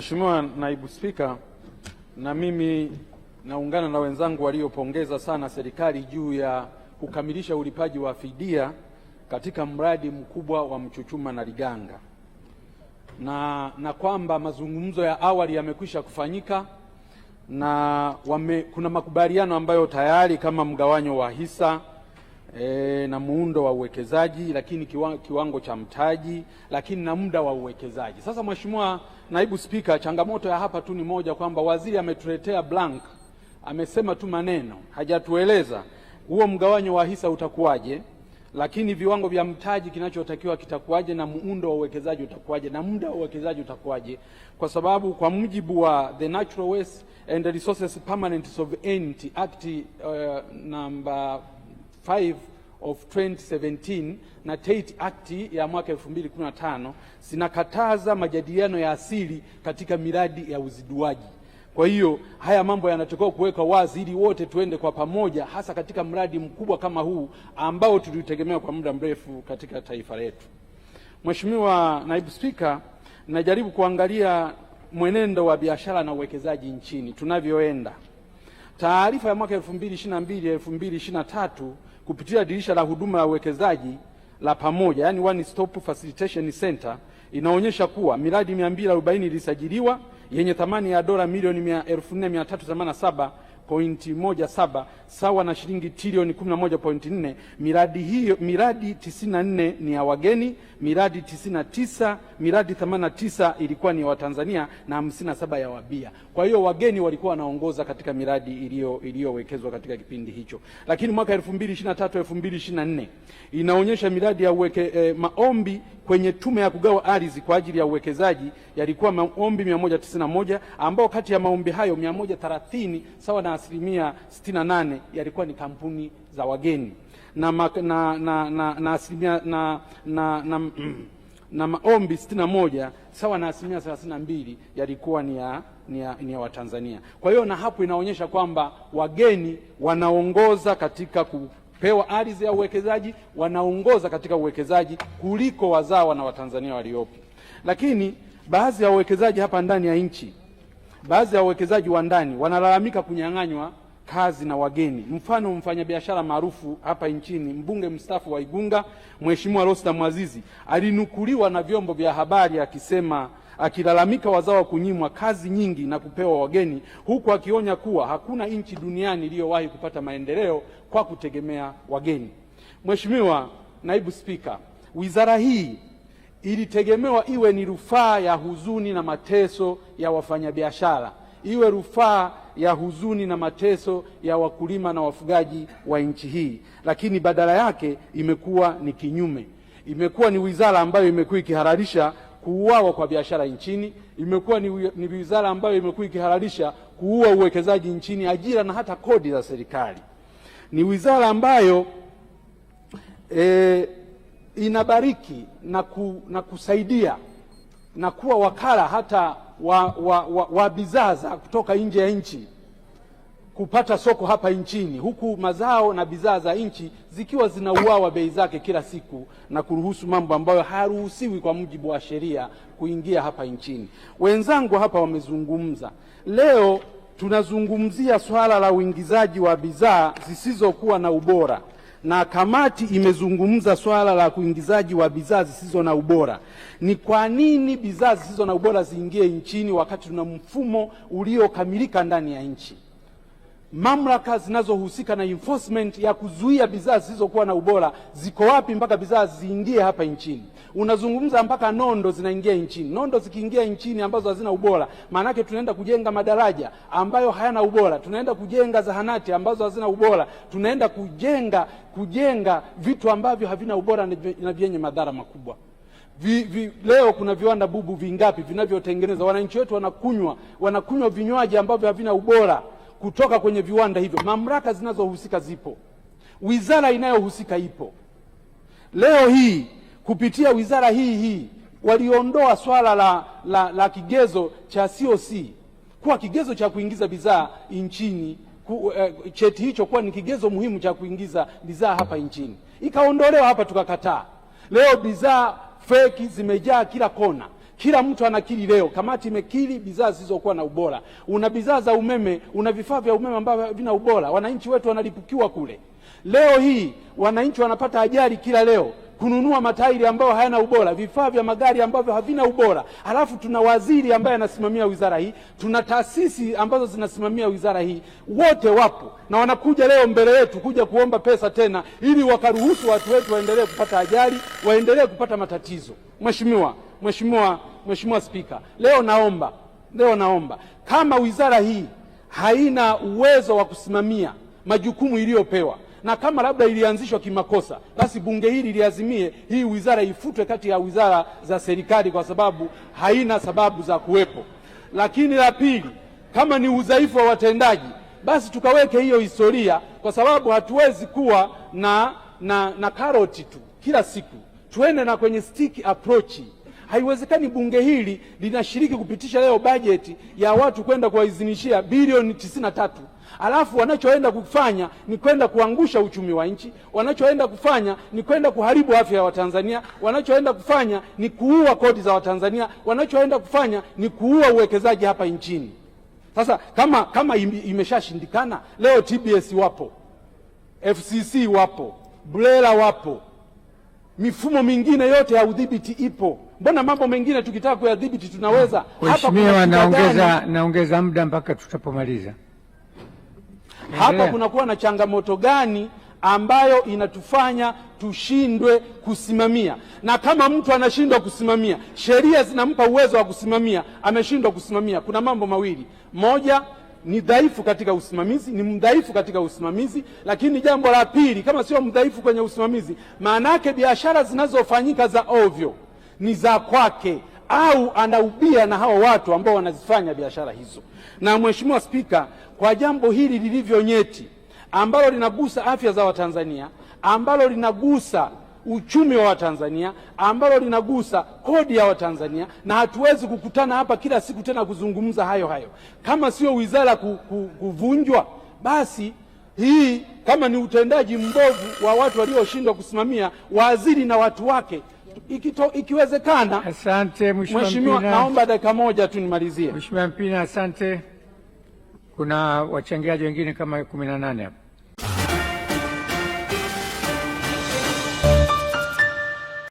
Mheshimiwa Naibu Spika, na mimi naungana na wenzangu waliopongeza sana serikali juu ya kukamilisha ulipaji wa fidia katika mradi mkubwa wa Mchuchuma na Liganga na, na kwamba mazungumzo ya awali yamekwisha kufanyika na wame, kuna makubaliano ambayo tayari kama mgawanyo wa hisa e, na muundo wa uwekezaji, lakini kiwango, kiwango cha mtaji, lakini na muda wa uwekezaji. Sasa Mheshimiwa Naibu Spika, changamoto ya hapa tu ni moja kwamba waziri ametuletea blank, amesema tu maneno, hajatueleza huo mgawanyo wa hisa utakuwaje, lakini viwango vya mtaji kinachotakiwa kitakuwaje, na muundo wa uwekezaji utakuwaje, na muda wa uwekezaji utakuwaje, kwa sababu kwa mujibu wa the Natural Waste and Resources Permanent Sovereignty Act uh, namba 5 of 2017 na Tate Act ya mwaka 2015 zinakataza majadiliano ya asili katika miradi ya uziduaji. Kwa hiyo haya mambo yanatakiwa kuweka wazi ili wote tuende kwa pamoja, hasa katika mradi mkubwa kama huu ambao tulitegemea kwa muda mrefu katika taifa letu. Mheshimiwa Naibu Spika, najaribu kuangalia mwenendo wa biashara na uwekezaji nchini tunavyoenda. Taarifa ya mwaka 2022 2023 kupitia dirisha la huduma ya uwekezaji la pamoja, yani one stop facilitation center, inaonyesha kuwa miradi 240 ilisajiliwa yenye thamani ya dola milioni 4387 pointi moja saba sawa na shilingi trilioni 11.4. Miradi hiyo miradi 94 ni ya wageni, miradi 99 miradi 89 ilikuwa ni ya Watanzania na 57 ya wabia. Kwa hiyo wageni walikuwa wanaongoza katika miradi iliyo iliyowekezwa katika kipindi hicho, lakini mwaka 2023 2024 inaonyesha miradi ya uweke, eh, maombi kwenye tume ya kugawa ardhi kwa ajili ya uwekezaji yalikuwa maombi 191 ambao kati ya maombi hayo 130 sawa na asilimia 68 yalikuwa ni kampuni za wageni na, ma, na, na, na, na asilimia na, na, na, na, na maombi 61 sawa na asilimia 32 yalikuwa ni ya, ni ya, ni ya Watanzania. Kwa hiyo na hapo inaonyesha kwamba wageni wanaongoza katika ku, pewa ardhi ya uwekezaji, wanaongoza katika uwekezaji kuliko wazawa na Watanzania waliopo. Lakini baadhi ya wawekezaji hapa ndani ya nchi, baadhi ya wawekezaji wa ndani wanalalamika kunyang'anywa kazi na wageni. Mfano, mfanyabiashara maarufu hapa nchini, mbunge mstaafu wa Igunga, Mheshimiwa Rostam Azizi alinukuliwa na vyombo vya habari akisema akilalamika wazawa kunyimwa kazi nyingi na kupewa wageni, huku akionya kuwa hakuna nchi duniani iliyowahi kupata maendeleo kwa kutegemea wageni. Mheshimiwa Naibu Spika, wizara hii ilitegemewa iwe ni rufaa ya huzuni na mateso ya wafanyabiashara, iwe rufaa ya huzuni na mateso ya wakulima na wafugaji wa nchi hii, lakini badala yake imekuwa ni kinyume. Imekuwa ni wizara ambayo imekuwa ikihalalisha kuuawa kwa biashara nchini. Imekuwa ni wizara ambayo imekuwa ikihalalisha kuua uwekezaji nchini, ajira na hata kodi za serikali. Ni wizara ambayo e, inabariki na, ku, na kusaidia na kuwa wakala hata wa, wa, wa, wa bidhaa za kutoka nje ya nchi kupata soko hapa nchini, huku mazao na bidhaa za nchi zikiwa zinauawa bei zake kila siku na kuruhusu mambo ambayo hayaruhusiwi kwa mujibu wa sheria kuingia hapa nchini. Wenzangu hapa wamezungumza leo, tunazungumzia swala la uingizaji wa bidhaa zisizokuwa na ubora na kamati imezungumza swala la uingizaji wa bidhaa zisizo na ubora. Ni kwa nini bidhaa zisizo na ubora ziingie nchini wakati tuna mfumo uliokamilika ndani ya nchi? mamlaka zinazohusika na enforcement ya kuzuia bidhaa zisizokuwa na ubora ziko wapi mpaka bidhaa ziingie hapa nchini? Unazungumza mpaka nondo zinaingia nchini. Nondo zikiingia nchini ambazo hazina ubora, maanake tunaenda kujenga madaraja ambayo hayana ubora, tunaenda kujenga zahanati ambazo hazina ubora, tunaenda kujenga kujenga vitu ambavyo havina ubora na vyenye madhara makubwa. Vi, vi, leo kuna viwanda bubu vingapi vinavyotengeneza, wananchi wetu wanakunywa wanakunywa vinywaji ambavyo havina ubora kutoka kwenye viwanda hivyo. Mamlaka zinazohusika zipo, wizara inayohusika ipo. Leo hii kupitia wizara hii hii waliondoa swala la, la, la kigezo cha COC kuwa kigezo cha kuingiza bidhaa nchini ku, eh, cheti hicho kuwa ni kigezo muhimu cha kuingiza bidhaa hapa nchini, ikaondolewa hapa, tukakataa. Leo bidhaa feki zimejaa kila kona. Kila mtu anakiri leo, kamati imekiri bidhaa zilizokuwa na ubora. Una bidhaa za umeme, una vifaa vya umeme ambavyo havina ubora, wananchi wetu wanalipukiwa kule. Leo hii wananchi wanapata ajali kila leo kununua matairi ambayo hayana ubora, vifaa vya magari ambavyo havina ubora. Halafu tuna waziri ambaye anasimamia wizara hii, tuna taasisi ambazo zinasimamia wizara hii, wote wapo na wanakuja leo mbele yetu kuja kuomba pesa tena, ili wakaruhusu watu wetu waendelee kupata ajali, waendelee kupata matatizo. Mheshimiwa, Mheshimiwa, Mheshimiwa Spika, leo naomba, leo naomba kama wizara hii haina uwezo wa kusimamia majukumu iliyopewa na kama labda ilianzishwa kimakosa, basi bunge hili liazimie hii wizara ifutwe kati ya wizara za serikali, kwa sababu haina sababu za kuwepo. Lakini la pili, kama ni udhaifu wa watendaji, basi tukaweke hiyo historia, kwa sababu hatuwezi kuwa na, na, na karoti tu kila siku, tuende na kwenye stick approach. Haiwezekani bunge hili linashiriki kupitisha leo bajeti ya watu kwenda kuwaidhinishia bilioni tisini na tatu alafu wanachoenda kufanya ni kwenda kuangusha uchumi wa nchi, wanachoenda kufanya ni kwenda kuharibu afya ya Watanzania, wanachoenda kufanya ni kuua kodi za Watanzania, wanachoenda kufanya ni kuua uwekezaji hapa nchini. Sasa kama, kama imeshashindikana leo, TBS wapo, FCC wapo, BRELA wapo, mifumo mingine yote ya udhibiti ipo. Mbona mambo mengine tukitaka kuyadhibiti tunaweza? Mheshimiwa, naongeza naongeza muda mpaka tutapomaliza hapa kunakuwa na changamoto gani ambayo inatufanya tushindwe kusimamia. Na kama mtu anashindwa kusimamia, sheria zinampa uwezo wa kusimamia, ameshindwa kusimamia, kuna mambo mawili: moja ni dhaifu katika usimamizi, ni mdhaifu katika usimamizi. Lakini jambo la pili, kama sio mdhaifu kwenye usimamizi, maana yake biashara zinazofanyika za ovyo ni za kwake, au anaubia na hawa watu ambao wanazifanya biashara hizo. Na Mheshimiwa Spika, kwa jambo hili lilivyo nyeti ambalo linagusa afya za Watanzania, ambalo linagusa uchumi wa Watanzania, ambalo linagusa kodi ya Watanzania, na hatuwezi kukutana hapa kila siku tena kuzungumza hayo hayo. Kama sio wizara kuvunjwa, basi hii kama ni utendaji mbovu wa watu walioshindwa kusimamia, waziri na watu wake ikito, ikiwezekana. Asante Mheshimiwa, naomba dakika moja tu nimalizie. Mheshimiwa Mpina, asante. Kuna wachangiaji wengine kama kumi na nane hapa.